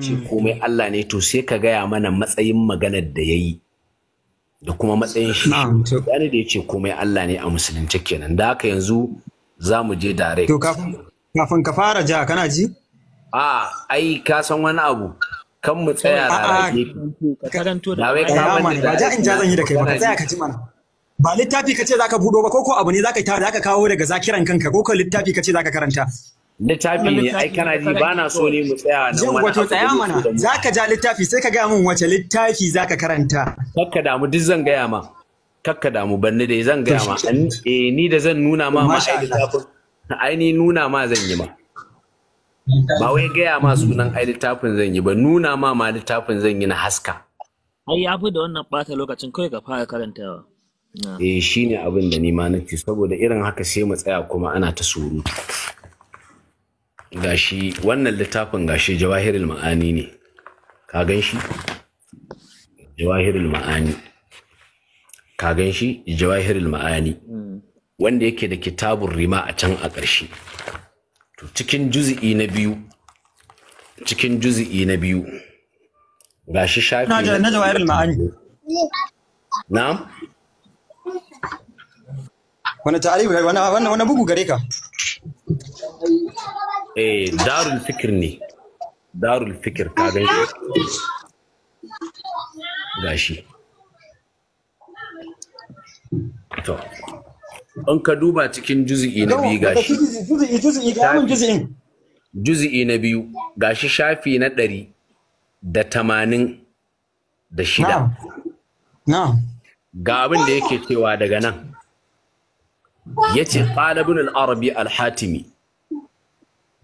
ce hmm. komai Allah ne to sai ka gaya mana matsayin maganar da ya yi da kuma matsayin shi gane da ya ce komai Allah ne a musulunci kenan da haka yanzu za mu je direct to kafin ka fara ja kana ji a ai ka san wani abu kan mu tsaya da rage ka karanto da wai ka mani ba ja in ja zan yi da kai ba ka tsaya ka ji mana ba littafi ka ce zaka budo ba ko ko abu ne zaka zaka kawo daga zakiran kanka ko ko littafi ka ce zaka karanta littafi ne ai kana ji ba na so ne mu tsaya nan wani wato tsaya mana zaka ja littafi sai ka gaya min wace littafi zaka karanta kakka damu duk zan gaya ma kakka damu banni dai zan gaya ma eh ni da zan nuna ma ma ai littafin ai ni nuna ma zan yi ma ba wai gaya ma sunan ai littafin zan yi ba nuna ma ma littafin zan yi na haska ai ya fi da wannan bata lokacin kawai ka fara karantawa eh shine abin da ni ma nake saboda irin haka sai mu tsaya kuma ana ta surutu gashi wannan littafin gashi jawahirul ma'ani ne ka gan shi jawahirul ma'ani ka gan shi jawahirul ma'ani wanda yake da kitabun rima a can a ƙarshe to cikin juzi'i na biyu cikin juzi'i na biyu gashi shafi na jawahirul ma'ani na'am wani ta'arifi wani bugu gare ka eh darul fikir ne darul fikir ka ga gashi to in ka duba cikin juz'i na biyu gashi juz'i ga mun na biyu gashi shafi na ɗari da tamanin da shida na'am ga abin da yake cewa daga nan yace ce ibn al-arabi al-hatimi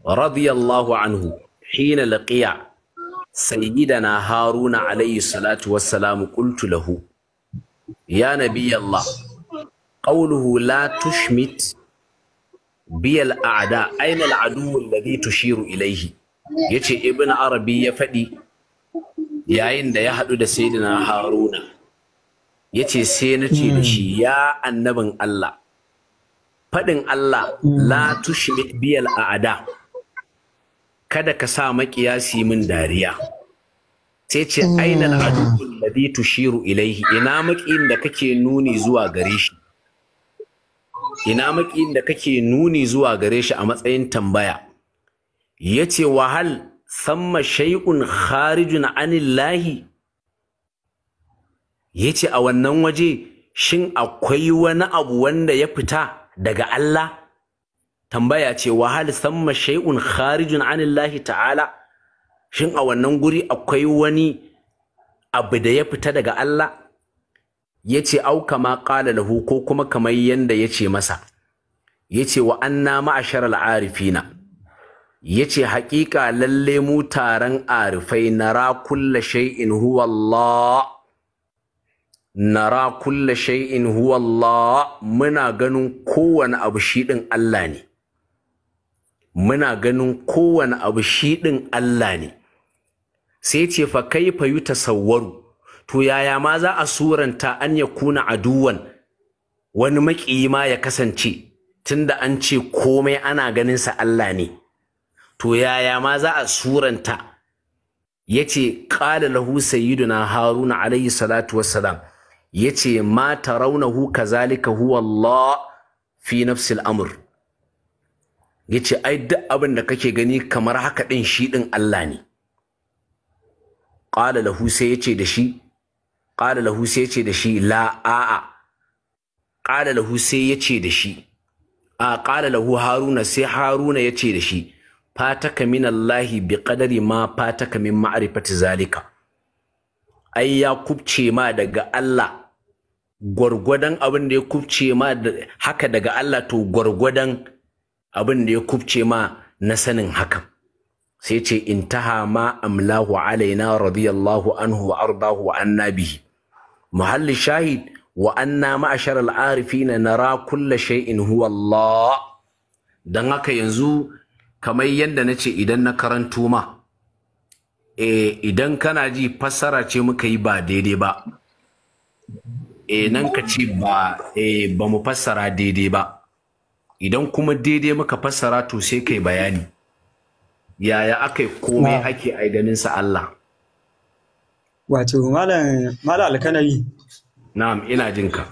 radiyallahu anhu hina laqiya sayyidana haruna alayhi salatu wassalamu qultu lahu ya nabiyallah qawluhu la tushmit bi al-a'da ayna al-adu alladhi tushiru ilayhi yace ibn arabi ya fadi yayin da ya hadu da sayyidina haruna yace sai na ce da shi ya annabin Allah Faɗin Allah la tushmit bi al-a'da kada ka sa maƙiyasi min dariya sai ce aina hmm. al'adun ladhi tushiru ilaihi ina makiyin da kake nuni zuwa gare shi ina makiyin da kake nuni zuwa gare shi a matsayin tambaya yace wahal samma shay'un kharijun anillahi yace a wannan waje shin akwai wani abu wanda ya fita daga Allah tambaya ce wa hal samma shay'un kharijun anillahi ta'ala shin a wannan guri akwai wani abu da ya fita daga Allah yace au kama qala lahu ko kuma kamar yanda yace masa yace wa anna ma'ashara al'arifina yace haƙiƙa lalle mu taran arifai nara kullu shay'in huwa Allah nara kullu shay'in huwa Allah muna ganin kowane abu shi din Allah ne muna ganin kowane abu shi ɗin Allah ne sai ce fa kaifa yutasawwaru to yaya ma za a suranta an ya kuna aduwan wani maƙiyi ma ya kasance tunda an ce komai ana ganin sa Allah ne to yaya ma za a suranta yace qala lahu sayyiduna haruna alayhi salatu wassalam yace ma tarawnahu kazalika huwa Allah fi nafsil amr yace ai duk abin da kake gani kamar haka din shi din Allah ne qala lahu sai yace da shi qala lahu sai yace da shi la a'a qala lahu sai yace da shi a qala lahu haruna sai haruna yace da shi fataka min Allahi bi qadari ma fataka min ma'rifati zalika ai ya kubce ma daga Allah gwargwadon abin da ya kubce ma haka daga Allah to gwargwadon abin da ya kubce ma na sanin hakan sai ce intaha ma amlahu alaina radiyallahu anhu wa ardahu wa anna bihi muhalli shahid wa anna ma'ashar al'arifina nara kulla shay'in huwa Allah dan haka yanzu kamar yadda na ce idan na karanto ma e idan kana ji fassara ce muka yi ba daidai ba E nan ka ce ba e ba mu fassara daidai ba idan kuma daidai muka fassara to sai kai bayani yaya aka yi komai ake aidaninsa Allah wato malam alkanari na'am ina jinka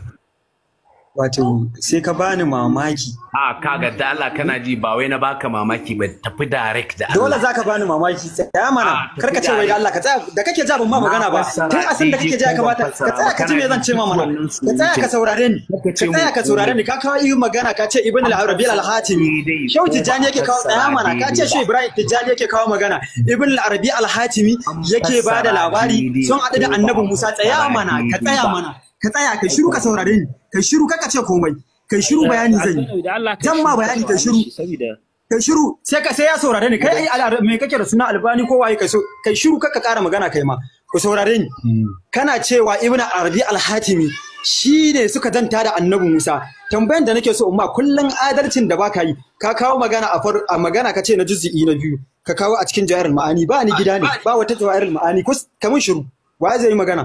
wato sai ka bani mamaki a kaga da Allah kana ji ba wai na baka mamaki ba tafi direct da Allah dole za ka bani mamaki tsaya mana kar ka ce wai Allah ka tsaya da kake jabin ma magana ba tun a san da kake ja kamata ka tsaya ka ji me zan ce ma mana ka tsaya ka saurare ni ka tsaya ka saurare ni ka kawo yi magana ka ce ibn al-arabi al-hatimi shau tijani yake kawo tsaya mana ka ce shi ibrahim tijani yake kawo magana ibn al-arabi al-hatimi yake bada labari sun haɗu da annabi musa tsaya mana ka tsaya mana ka tsaya kai shiru ka saurare ni kai shiru kaka ce komai kai shiru bayani zan yi zan ma bayani kai shiru kai shiru sai ka sai ya saurare ni kai me kake da suna albani ko waye kai so kai shiru kaka ƙara magana kai ma ku saurare ni hmm. kana cewa ibnu arabi Alhatimi shi ne suka danta da annabi Musa tambayan da nake so umma kullun adalcin da baka yi ka kawo magana a magana ka ce na juz'i na biyu ka kawo a cikin jawairul ma'ani ba ni gida ne ba wata jawairul ma'ani kamun shiru wa zai yi magana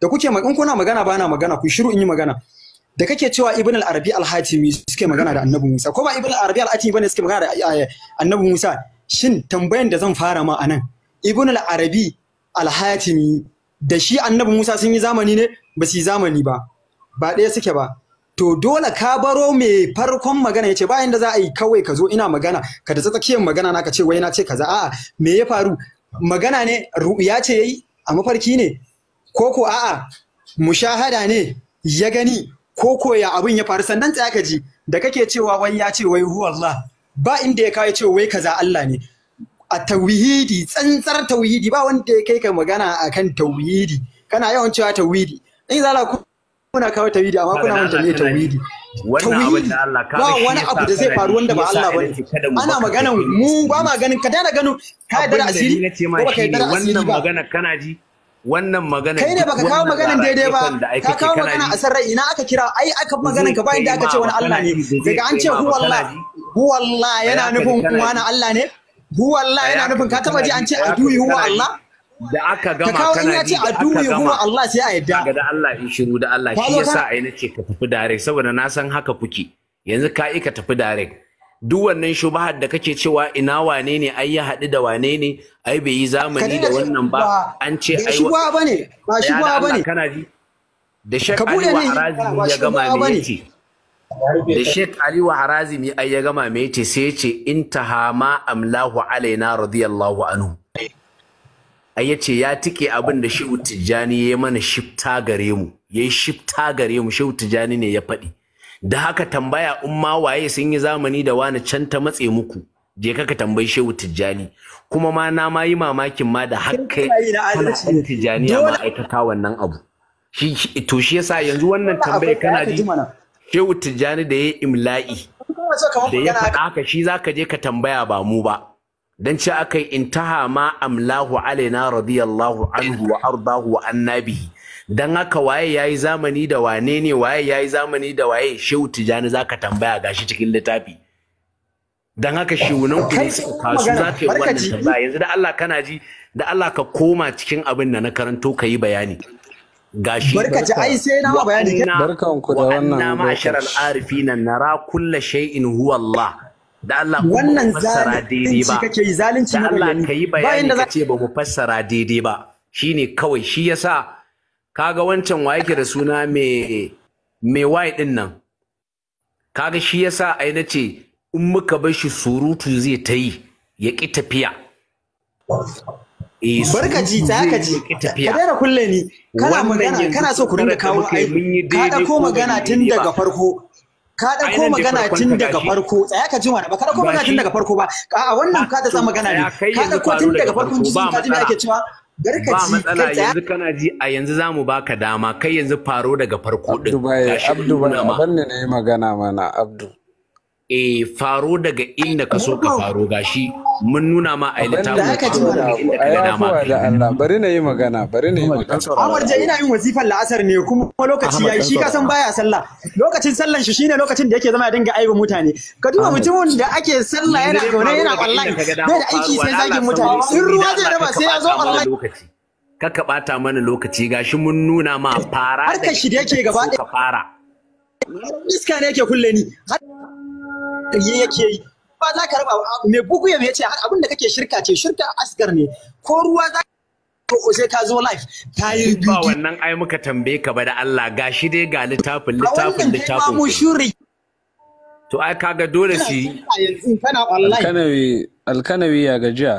da kuke in kuna magana ba na magana ku shiru in yi magana da kake cewa ibn al-arabi al-hatimi suke magana da annabi musa ko ba ibn al-arabi al-hatimi bane suke magana da eh, annabi musa shin tambayan da zan fara ma anan ibn al-arabi al-hatimi da shi annabi musa sun yi zamani ne ba su yi zamani ba ba ɗaya suke ba to dole ka baro mai farkon magana ya ce bayan da za a yi kawai ka zo ina magana ka da tsakiyar magana na ka ce wai na ce kaza a'a me ya faru magana ne ya ce yayi a mafarki ne ko ko a'a mushahada ne ya gani ko ko ya abin ya faru sannan tsaya ka ji da kake cewa wai ya ce wai Allah ba inda ya kawo cewa wai kaza Allah ne a tauhidi tsantsar tauhidi ba wanda ya kai ka magana akan tauhidi kana yawan cewa tauhidi in zala ku kuna kawo tauhidi amma kuna manta ne tauhidi tauhidi ba wani abu da zai faru wanda ba Allah bane ana magana mu ba ma ganin ka daina gano ka dara asiri ko ba ka dara asiri ba wannan magana kana ji wannan magana kai ne baka kawo maganan daidai ba ka kawo magana a sarrai ina aka kira ai aka maganan ka bayan da aka ce wani Allah ne daga an ce hu wallahi hu wallahi yana nufin kuma na Allah ne hu wallahi yana nufin ka taba ji an ce aduyi hu Allah da aka gama kana ka kawo ji da aka hu Allah sai a yadda da Allah in shiru da Allah shi yasa ai nace ka tafi dare saboda na san haka kuke yanzu ka ika tafi dare duk wannan shubahar da kake cewa ina wane ne ai ya haɗu da wane ne ai bai yi zamani da wannan ba an ce ai shubaha bane ba shubaha bane kana ji da Sheikh Ali wa Harazim ya gama me yace da Sheikh Ali wa Harazim ai ya gama me yace sai yace intaha ma amlahu alaina radiyallahu anhu ai yace ya tike abin da Shehu Tijjani ya mana shifta gare mu yayi shifta gare mu Shehu Tijjani ne ya faɗi da haka tambaya Umma waye sun yi zamani da wani can ta matse muku je ka tambayi shehu tijjani kuma ma na ma yi mamakin ma da haka ɗan tijjani a ma'aikata wannan abu to shi yasa yanzu wannan tambayi kana ji shehu tijjani da ya yi imla'i da ya faɗa haka shi za ka je ka tambaya ba mu ba dan ce aka yi intaha ma amlahu alaina radiyallahu anhu wa ardahu wa annabihi dan haka waye yayi zamani da wane ne waye yayi zamani da waye shehu tijani zaka tambaya gashi cikin littafi dan haka shehunan ku ne suka kasu za ka yi wannan tambaya yanzu da Allah kana ji da Allah ka koma cikin abin da na karanto ka yi bayani gashi barkaci ai sai na bayani barkan ku da wannan na ma'ashar al-arifina nara kullu shay'in huwa Allah da Allah wannan zalunci kake yi zalunci ne Allah ka yi bayani kace ba mu fassara daidai ba shine kawai shi yasa kaga wancan wa yake da suna mai wai din nan kaga shi yasa ai nace in muka bar shi surutu zai ta yi ya ki tafiya eh, barka ji ta haka ji ka daina kulle ni kana magana kana so ku dinga kawo ai ka dauko magana tun daga farko ka dauko magana tun daga farko tsaya ka ji wani ba ka dauko magana tun daga farko ba a wannan ka da magana ne ka dauko tun daga farko ji ka ji me ake cewa ba matsala yanzu kana ji a yanzu za mu baka dama kai yanzu faro daga farko ɗin, abdu bai abdu bai na yi magana mana abdu e faro daga inda ka so ka faro gashi mun nuna ma a ilita da aka inda ka gana ma da Allah bari na yi magana bari na yi magana Amar je ina yin wazifar la'asar ne kuma lokaci yayi shi ka san baya sallah lokacin sallan shi shine lokacin da yake zama ya dinga aibin mutane ka duba mutumin da ake sallah yana zaune yana online bai da aiki sai zagin mutane in ruwa zai raba sai ya zo online ka bata mana lokaci gashi mun nuna ma fara harkar shi da yake gaba ɗaya iska ne yake kulle ni har yi yake yi ba za ka raba mai bugu ya ce abin da kake shirka ce shirka asgar ne ko ruwa za ka ko sai ka zo live ta yi ba wannan ai muka tambaye ka ba da Allah gashi dai ga littafin littafin littafin mu shuri to ai kaga dole si kana alkanawi alkanawi ya gajiya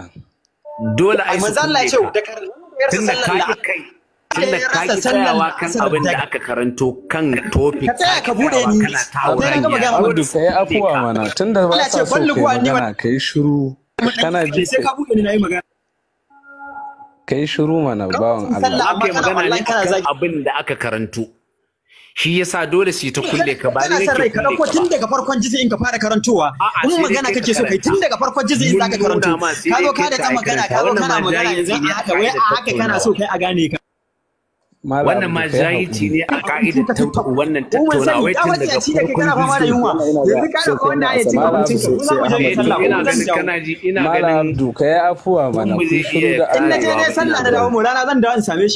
dole ai manzo Allah ya ce da karin tunda kai tunda ka ki tsayawa kan abin da aka karanto kan topic ka tsaya ka bude ni sai na gama gama Audu sai afuwa mana tunda ba sa so ka yi kai shiru kana ji sai ka bude ni nayi magana kai shiru mana bawan Allah ake magana ne kan abin da aka karanto shi yasa dole su yi ta kulle ka ba ne ke ka dauko tun daga farkon jizi in ka fara karantowa in magana kake so kai tun daga farkon jizi in zaka karanto ka zo ka da ta magana ka zo kana magana yanzu haka wai a haka kana so kai a gane ka wannan ma jayici ne a ka'idar tattau wannan tattaunawai tun daga farkon yanzu kana ji ina ganin afuwa mana in na je ne sallah da dawo mu rana zan dawo in same shi